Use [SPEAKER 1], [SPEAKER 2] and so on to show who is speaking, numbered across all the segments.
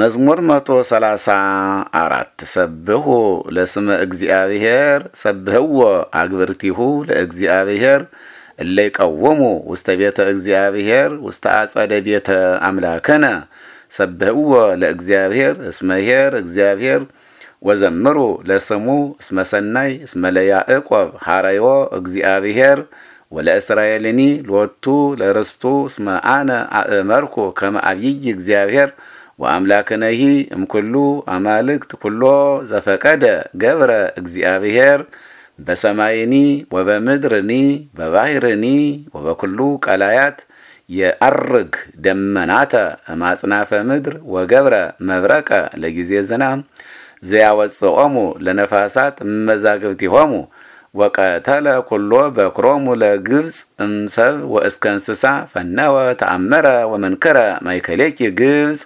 [SPEAKER 1] መዝሙር 134 ሰብሁ ለስመ እግዚአብሔር ሰብህዎ አግብርቲሁ ለእግዚአብሔር እለይቀወሙ ውስተ ቤተ እግዚአብሔር ውስተ አጸደ ቤተ አምላከነ ሰብህዎ ለእግዚአብሔር እስመ ኄር እግዚአብሔር ወዘምሩ ለስሙ እስመ ሰናይ እስመ ለያዕቆብ ሐረዮ እግዚአብሔር ወለእስራኤልኒ ሎቱ ለርስቱ እስመ አነ አእመርኩ ከመ አብይይ እግዚአብሔር ወአምላክነሂ እምኩሉ አማልክት ኩሎ ዘፈቀደ ገብረ እግዚአብሔር በሰማይኒ ወበምድርኒ በባህርኒ ወበኩሉ ቀላያት የአርግ ደመናተ ማጽናፈ ምድር ወገብረ መብረቀ ለጊዜ ዝናም ዘያወፅኦሙ ለነፋሳት እመዛግብቲሆሙ ወቀተለ ኩሎ በክሮሙ ለግብፅ እምሰብ ወእስከ እንስሳ ፈነወ ተአመረ ወመንከረ ማይከሌኪ ግብፅ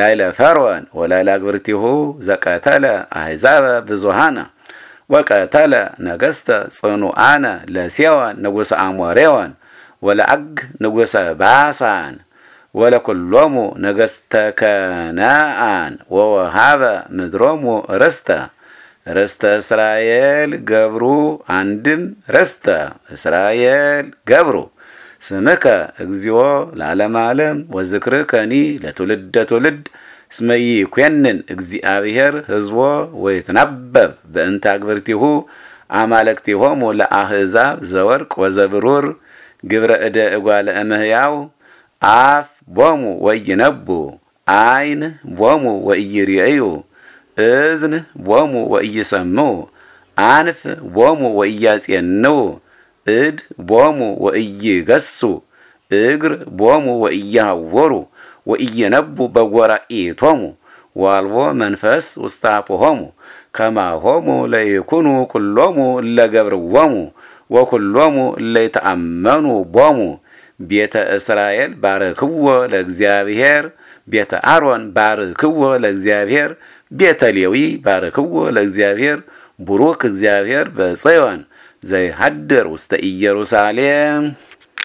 [SPEAKER 1] ላይለ ፈርዖን ወላይለ አግብርቲሁ ዘቀተለ አሕዛበ ብዙሃነ ወቀተለ ነገስተ ጽኑአነ ለሴዋን ንጉሠ አሞሬዎን ወለዐግ ንጉሰ ባሳን ወለኵሎሙ ነገስተ ከነዓን ወወሃበ ምድሮሙ ርስተ ርስተ እስራኤል ገብሩ አንድም ርስተ እስራኤል ገብሩ ስምከ እግዚኦ ለዓለም ዓለም ወዝክርከኒ ለትውልደ ትውልድ ስመይ ኮንን እግዚአብሔር ህዝቦ ወይትናበብ በእንተ አግብርቲሁ አማለክቲሆሙ ለአሕዛብ ዘወርቅ ወዘብሩር ግብረ እደ እጓለ እምህያው አፍ ቦሙ ወይነቡ ዓይን ቦሙ ወኢይርእዩ እዝን ቦሙ ወኢይሰምዑ አንፍ ቦሙ ወኢያጼንው እድ ቦሙ ወኢይገሡ እግር ቦሙ ወእያወሩ ወእየነቡ በወራኢቶሙ ዋልቦ መንፈስ ውስተ አፉሆሙ ከማሆሙ ለይኩኑ ኩሎሙ እለ ወኩሎሙ እለ ቦሙ ቤተ እስራኤል ባርክዎ ለእግዚአብሔር ቤተ አሮን ባርክዎ ለእግዚአብሔር ቤተ ሌዊ ባርክዎ ለእግዚአብሔር ቡሩክ እግዚአብሔር በጽዮን زي هدر وسط يروساليم